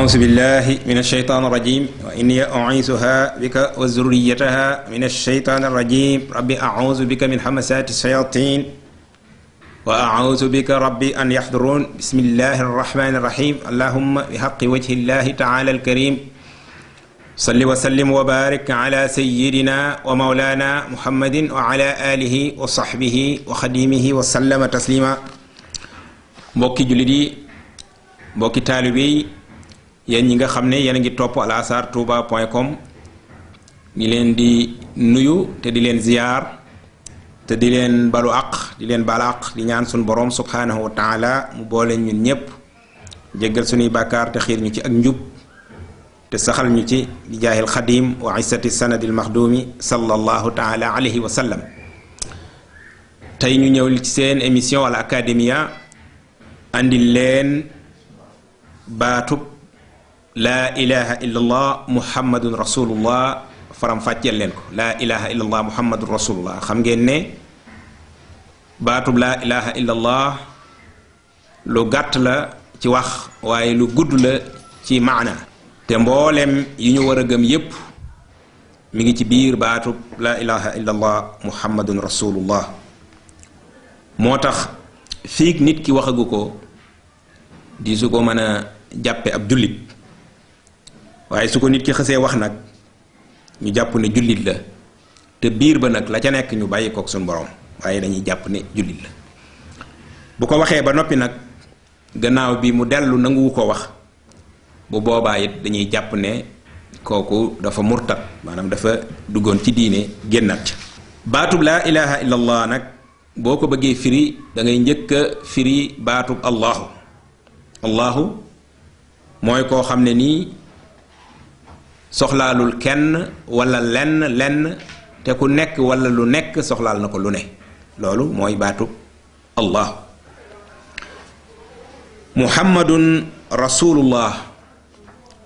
أعوذ بالله من الشيطان الرجيم وإني أعيذها بك وذريتها من الشيطان الرجيم ربي أعوذ بك من همسات الشياطين وأعوذ بك ربي أن يحضرون بسم الله الرحمن الرحيم اللهم بحق وجه الله تعالى الكريم صل وسلم وبارك على سيدنا ومولانا محمد وعلى آله وصحبه وخديمه وسلم تسليما mbokki jullit yi mbokki taalibe yi yéen ñi nga xam ne yéen ngi topp Al Azhar Touba point com di leen di nuyu te di leen ziyaar te di leen balu àq di leen baal àq ñaan suñu boroom subhaanahu wa taala mu boole ñun ñëpp jéggal suñuy bàkkaar te xiir ñu ci ak njub te saxal ñu ci di jaahil xadim wa isati sanadil maxdumi sallallahu taala alayhi wa tey ñu ñëw ci seen émission Al Académia andil leen baatub laa ilaha illallah muhammadun rasulullah faram fàcceel leen ko laa ilaha illallah muhammadun rasulullah xam ngeen ne baatub laa ilaha illallah lu gàtt la ci wax waaye lu gudd la ci maana te mboolem yi ñu war a gëm yépp mi ngi ci biir baatub laa ilaha illallah muhammadun rasulullah moo tax fiig nit ki waxagu ko di ko mën jàppe ab jullit waaye su ko nit ki xësee wax nag ñu jàpp ne jullit la te biir ba nag la ca nekk ñu bàyyi kook suñu borom waaye dañuy jàpp ne jullit la bu ko waxee ba noppi nag gannaaw bi mu dellu nanguwu ko wax bu boobaa it dañuy jàpp ne kooku dafa murtat maanaam dafa duggoon ci diine génnat baatub laa ilaha illa nag boo ko bëggee firi dangay ngay njëkk a firi baatub allahu allahu mooy koo xam ne nii soxlaalul kenn walla lenn lenn te ku nekk walla lu nekk soxlaal na ko lu ne loolu mooy baatu allah muhammadun rasulullah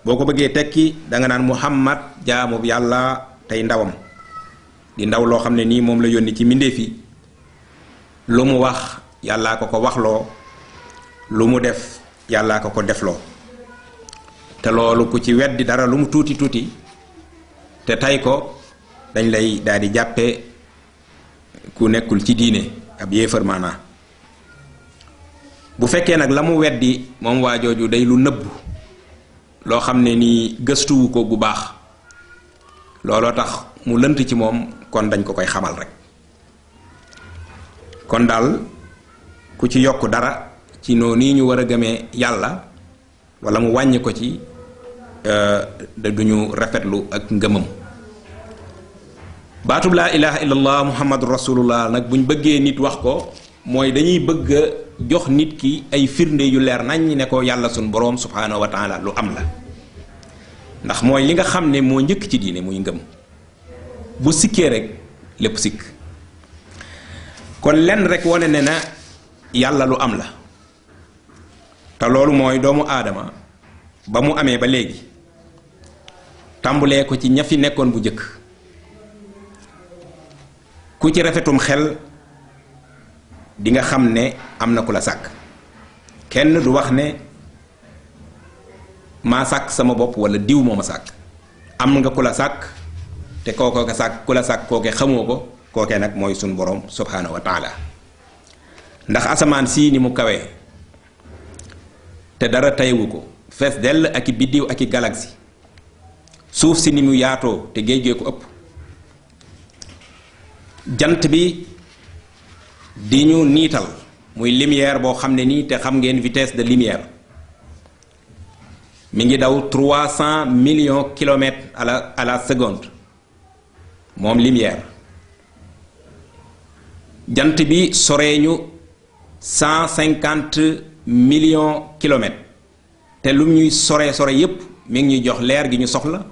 boo ko bëggee tekki danga nga naan muhammad jaamub yàlla tey ndawam di ndaw loo xam ne nii moom la yónni ci mbindéef yi lu mu wax yàllaa ko ko waxloo lu mu def yàllaa ko ko defloo te loolu ku ci weddi dara lu mu tuuti tuuti te tay ko dañ lay daal jàppe ku nekkul ci diine ab yéefar maanaa bu fekkee nag la mu weddi moom waa jooju day lu nëbb loo xam ne nii gëstuwu ko bu baax looloo tax mu lënt ci moom kon dañ ko koy xamal rek kon daal ku ci yokk dara ci noonu nii ñu war a gëmee yàlla walla mu wàññi ko ci Euh, du ñu rafetlu ak ngëmam baatub laa ilaha illallah muhammadu rasulullah nag ñu bëggee nit wax ko mooy dañuy bëgg jox nit ki ay firnde yu leer nañ ne ko yàlla suñ boroom subhanahu wa lu am la ndax mooy li nga xam ne moo njëkk ci diine muy ngëm bu sikkee rek lépp sikk kon lenn rek wone ne na yàlla lu am la te loolu mooy doomu aadama ba mu amee ba léegi tàmbulee ko ci ña fi nekkoon bu jëkk ku ci rafetum xel dinga xam ne am na ku la sàkk kenn du wax ne maa sàkk sama bopp wala diw moo ma sàkk am nga ku la sàkk te kooko ka sàkk ku la sàkk kooke xamoo ko kooke nag mooy sunu borom subhaanahu wa ndax asamaan sii ni mu kawee te dara tayewu ko fees dell ak i biddiw ak i galaxie suuf si ni mu yaatoo te géej gee ko ëpp jant bi di ñu niital muy lumière boo xam ne nii te xam ngeen vitesse de lumière mi ngi daw trois cent millions kilomètres à la seconde moom lumière jant bi soree ñu cent cinquante millions kilomètres te lu ñuy sore sore yépp mi ngi ñuy jox leer gi ñu soxla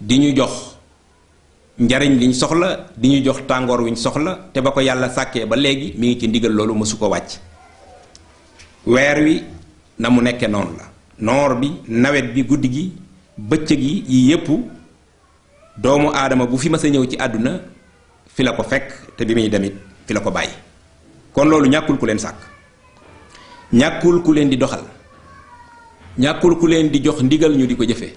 di ñu jox njariñ liñ soxla di ñu jox tàngoor wiñ soxla te ba ko yàlla sàkkee ba léegi mi ngi ci ndigal loolu mësu ko wàcc weer wi na mu nekkee noonu la noor bi nawet bi guddi gi bëccëg yi yii yépp doomu aadama bu fi mas ñëw ci àdduna fi la ko fekk te bi muy demit fi la ko bàyyi kon loolu ñàkkul ku leen sàkk ñàkkul ku leen di doxal ñàkkul ku leen di jox ndigal ñu di ko jëfe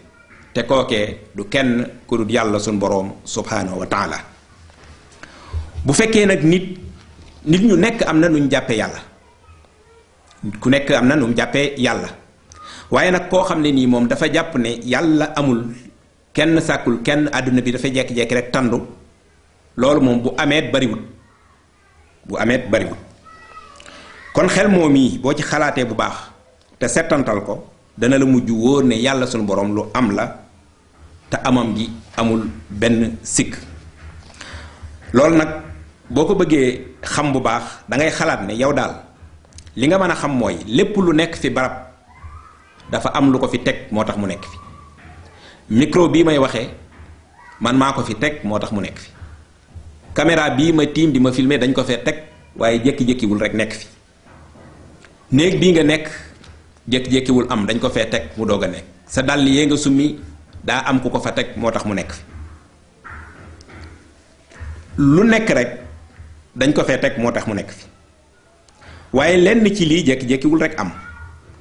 te kookee du kenn ku dul yàlla suñ boroom subhaanahu wa taala bu fekkee nag nit nit ñu nekk am na nu ñu jàppee yàlla ku nekk am na nu mu jàppee yàlla waaye nag koo xam ne nii moom dafa jàpp ne yàlla amul kenn sàkkul kenn àdduna bi dafa jekki-jekki rek tandu loolu moom bu ameet bariwut bu ameet bariwut kon xel moom yi boo ci xalaatee bu baax te setantal ko dana la mujj wóor ne yàlla sunu borom lu am la te amam gi amul benn sikk loolu nag boo ko bëggee xam bu baax dangay xalaat ne yow daal li nga mën a xam mooy lépp lu nekk fi barab dafa am lu ko fi teg moo tax mu nekk fi micro bii may waxee man maa ko fi teg moo tax mu nekk fi caméra bii ma tiim di ma filmer dañ ko fee teg waaye jékki-jékkiwul rek nekk fi néeg bii nga nekk jékki-jékkiwul am dañ ko fee teg mu doog a nekk sa dàll yee nga summi daa am ku ko fa teg moo tax mu nekk fi lu nekk rek dañ ko fee teg moo tax mu nekk fi waaye lenn ci lii jékki-jékkiwul rek am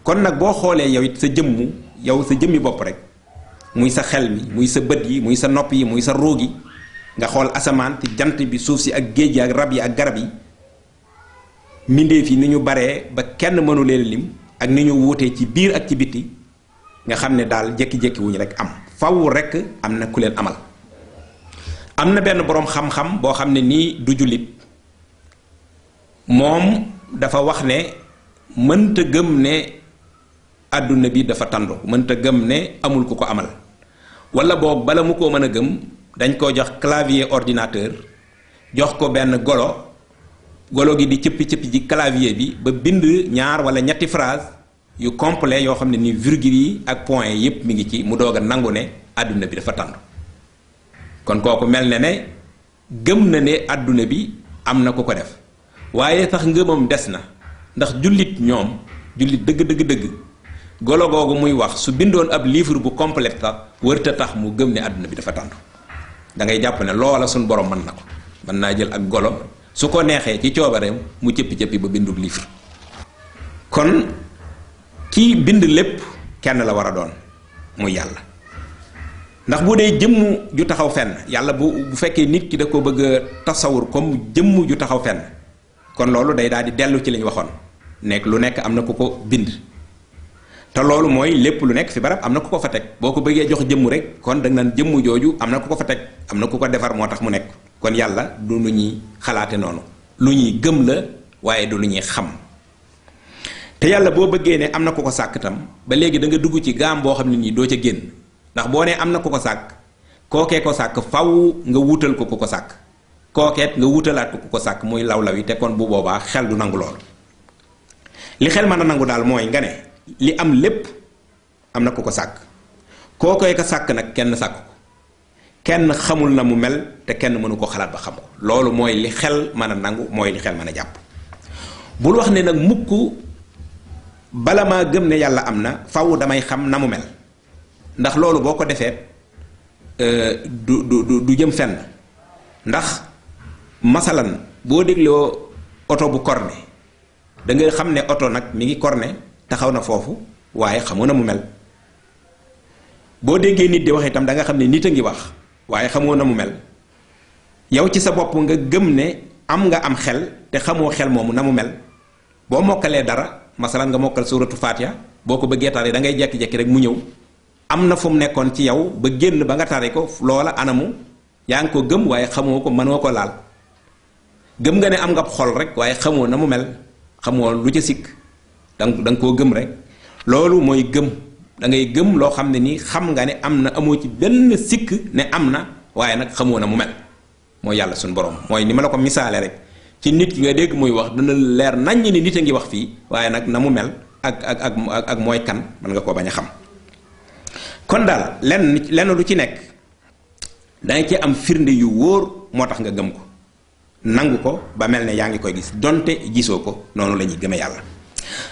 kon nag boo xoolee yow sa jëmmu yow sa jëmmi bopp rek muy sa xel mi muy sa bët yi muy sa nopp yi muy sa róog yi nga xool asamaan te jant bi suuf si ak géej yi ak rab yi ak garab yi mbindeef yi ni ñu baree ba kenn mënu leen lim ak ni ñu wuutee ci biir ak ci bitti nga xam ne daal jékki-jékki rek am faw rekk am na ku leen amal am na benn boroom xam-xam boo xam ne nii du jullit moom dafa wax ne mënta gëm ne àdduna bi dafa tàndu mënta gëm ne amul ku ko amal walla boog bala mu ko mën a gëm dañ koo jox clavier ordinateur jox ko benn golo golo gi di cëpp cëppi ji clavier bi ba bind ñaar walla ñetti phrase yu complet yoo xam ne ni virgule yi ak point yi yëpp mi ngi ci mu doog a nangu ne àdduna bi dafa tàndu kon kooku mel na ne gëm na ne àdduna bi am na ku ko def waaye sax ngëmam des na ndax jullit ñoom jullit dëgg dëgg dëgg golo googu muy wax su bindoon ab livre bu complet sax wërta tax mu gëm ne àdduna bi dafa tàndu dangay jàpp ne loola suñ borom mën na ko mën naa jël ak golo su ko neexee ci coobareem mu cëppi cëppi ba bindul livre kon kii bind lépp kenn la war a doon muy yàlla ndax bu dee jëmm ju taxaw fenn yàlla bu bu fekkee nit ki da ko bëgg a tasawur comme jëmm ju taxaw fenn kon loolu day daal di dellu ci li waxoon nekk lu nekk am na ku ko bind te loolu mooy lépp lu nekk fi barab am na ku ko fa teg boo ko bëggee jox jëmm rek kon da nga naan jëmm jooju am na ku ko fa teg am na ku ko defar moo tax mu nekk kon yàlla du lu ñuy xalaate noonu lu ñuy gëm la waaye du lu ñuy xam te yàlla boo bëggee ne am na ko ko sàkk tam ba léegi da nga dugg ci gaam boo xam ne nii doo ca génn ndax boo nee am na ku ko sàkk kookee ko sàkk faw nga wuutal ko ko sàkk kookeet nga wutalaat ko ko sàkk muy law-law yi te bu boobaa xel du nangu lool li xel mën a nangu daal mooy nga ne li am lépp am na ku ko sàkk kookee ko sàkk nag kenn sàkk ko kenn xamul na mu mel te kenn mënu ko xalaat ba xam ko loolu mooy li xel mën a nangu mooy li xel mën a jàpp bul wax ne nag mukk bala maa gëm ne yàlla am na faw damay xam na mu mel ndax loolu boo ko defee euh, du du du jëm fenn ndax masalan boo dégloo oto bu corné da nga xam ne oto nag mi ngi corné taxaw na foofu waaye xamoo na mu mel boo déggee nit di wax itam da xam ne nit a ngi wax waaye xamoo na mu mel yow ci sa bopp nga gëm ne am nga am xel te xamoo xel moomu na mu mel boo mokkalee dara. masalan nga mokkal suratu fatiha boo ko bëggee tari da ngay jekki-jekki rek mu ñëw am na fu mu nekkoon ci yow ba génn ba nga tari ko loola anamu yaa ngi ko gëm waaye xamoo ko mënoo ko laal gëm nga ne am nga xol rek waaye xamoo na mu mel xamoo lu ca sikk danga koo gëm rek loolu mooy gëm da gëm loo xam ne nii xam nga ne am na amoo ci benn sikk ne am na waaye nag xamoo na mu mel mooy yàlla suñu borom mooy ni ma la ko misaale rek ci nit ki nga dégg muy wax dina leer nañ ni nit a ngi wax fii waaye nag na mu mel ak ak ak ak mooy kan mën nga koo bañ a xam kon daal lenn lu ci nekk danga ci am firnde yu wóor moo tax nga gëm ko nangu ko ba mel ne yaa ngi koy gis donte gisoo ko noonu la ñuy gëme yàlla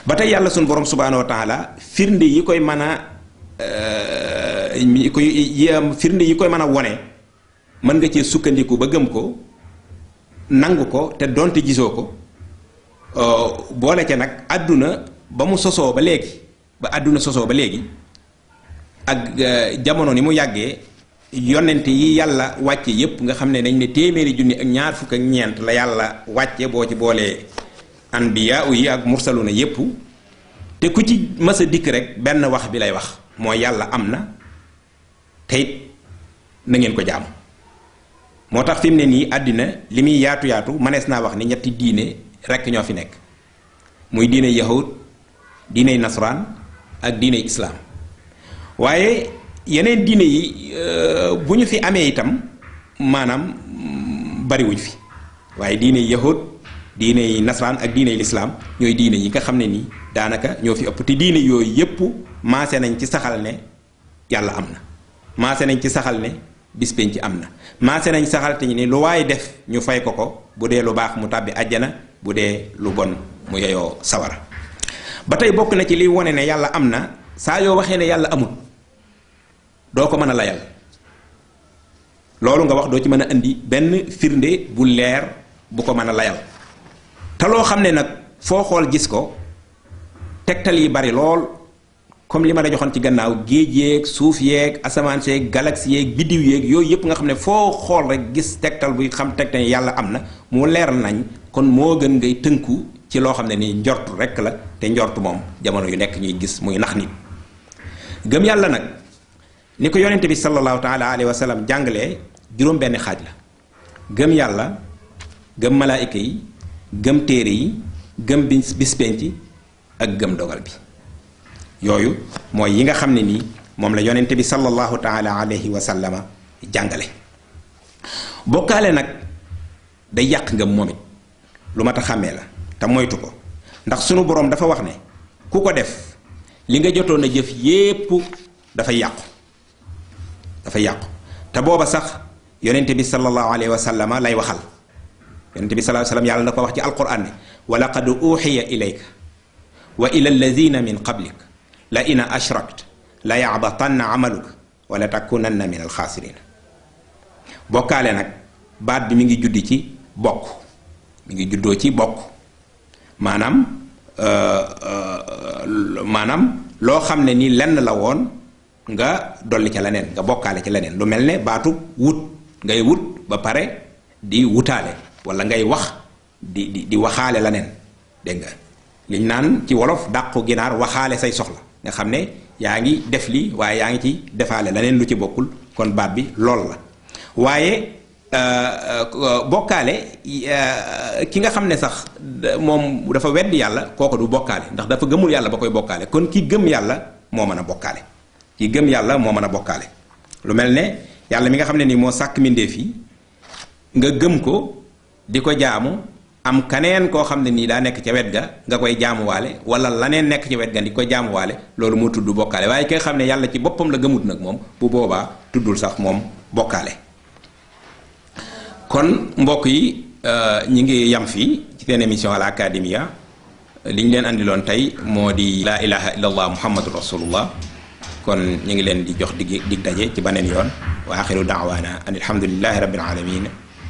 ba tey yàlla suñu borom subhaanahu wa la firnde yi koy mën a euh, firnde yi koy mën a wone mën nga cee sukkandiku ba gëm ko nangu ko te donte gisoo ko euh, boole ca nag àdduna ba mu sosoo ba léegi ba àdduna sosoo ba léegi ak euh, jamono ni mu yàggee yonent yi yàlla wàcce yépp nga xam ne dañ ne téeméeri junni ak ñaar fukk ak ñeent la yàlla wàcce boo ci boolee anbiya yi ak mursaluna yépp te ku ci mësa dikk rek benn wax bi lay wax mooy yàlla am na te it na ngeen ko jaamu moo tax fi ne nii àddina li muy yaatu yaatu mënees naa wax ni ñetti diine rekk ñoo fi nekk muy diine yahud diiney nasaraan ak diiney waaye yeneen diine yi euh, bu ñu fi amee itam maanaam bariwuñ fi waaye diiney yahud diiney nasaraan ak diiney lislaam ñooy diine yi nga xam ne nii daanaka ñoo fi ëpp te diine yooyu yépp maase nañ ci saxal ne yàlla am na maase nañ ci saxal ne bis ci am na maase nañ saxalte ñi ni lu waaye def ñu fay ko ko bu dee lu baax mu tàbbi àjjana bu dee lu bon mu yeyoo sawara ba tey bokk na ci liy wone ne yàlla am na saa yoo waxee ne yàlla amut doo ko mën a layal loolu nga wax doo ci mën a indi benn firnde bu leer bu ko mën a layal te loo xam ne nag foo xool gis ko tegtal yi bari lool comme li ma la joxoon ci gannaaw géej yeeg suuf yeeg asamaan seeg galaxie yeeg biddiw yeeg yooyu yëpp nga xam ne foo xool rek gis tegtal buy xam tegtal yàlla am na mu leer nañ kon moo gën ngay tënku ci loo xam ne ni njortu rekk la te njortu moom jamono yu nekk ñuy gis muy nax nit gëm yàlla nag ni ko yonente bi sallallahu taala alayhi wa sallam jàngalee juróom benn xaaj la gëm yàlla gëm malaayika yi gëm téere yi gëm bis ak gëm dogal bi yooyu mooy yi nga xam ne nii moom la yonente bi sallallahu taala alayhi wa sallama jàngale bokkaale nag day yàq ngëm moom lu mat a xàmmee la te moytu ko ndax sunu boroom dafa wax ne ku ko def li nga jotoon a jëf yépp dafay yàqu dafa yàqu te booba sax yonente bi sallallahu alayhi wa sallama lay waxal yonente bi sallallahu alayhi yàlla na ko wax ci alquran ne wa laqad uxiya ilayka wa ila alladina min qablik la in ashrakta la yaxbatanna amaluka wala na min alxaasirin bokkaale nag baat bi mu ngi juddi ci bokk mu ngi juddoo ci bokk maanaam euh, euh, maanaam loo xam ne ni lenn la woon nga dolli ca leneen nga bokkaale ca leneen lu mel ne baatu wut ngay wut ba pare di wutaale wala ngay wax di di di waxaale leneen dégg nga liñ naan ci wolof dàqu ginaar waxaale say soxla nga xam ne yaa ngi def lii waaye yaa ngi ci defaale leneen lu ci bokkul kon baat bi lool la waaye euh, euh, bokkaale euh, ki nga xam ne sax moom dafa wedd yàlla kooku du bokkaale ndax dafa gëmul yàlla ba koy bokkaale kon ki gëm yàlla moo mën a bokkaale ki gëm yàlla moo mën a bokkaale lu mel ne yàlla mi nga xam ne nii moo sàkk mbindéef yi nga gëm ko di ko jaamu am kaneen koo xam ne nii daa nekk ca wet ga nga koy jaamuwaale wala laneen nekk ca wet ga di koy jaamuwaale loolu moo tudd bokkaale waaye ki nga xam ne yàlla ci boppam la gëmut nag moom bu boobaa tuddul sax moom bokkaale kon mbokk yi euh, ñi ngi yam fii ci seen émission Al Academia li leen andiloon tey moo di laa ilaha illallah muhammadu rasulullah kon ñu ngi leen di jox dig dig daje ci beneen yoon wa axiru daawaana an alhamdulilahi rabbil alamin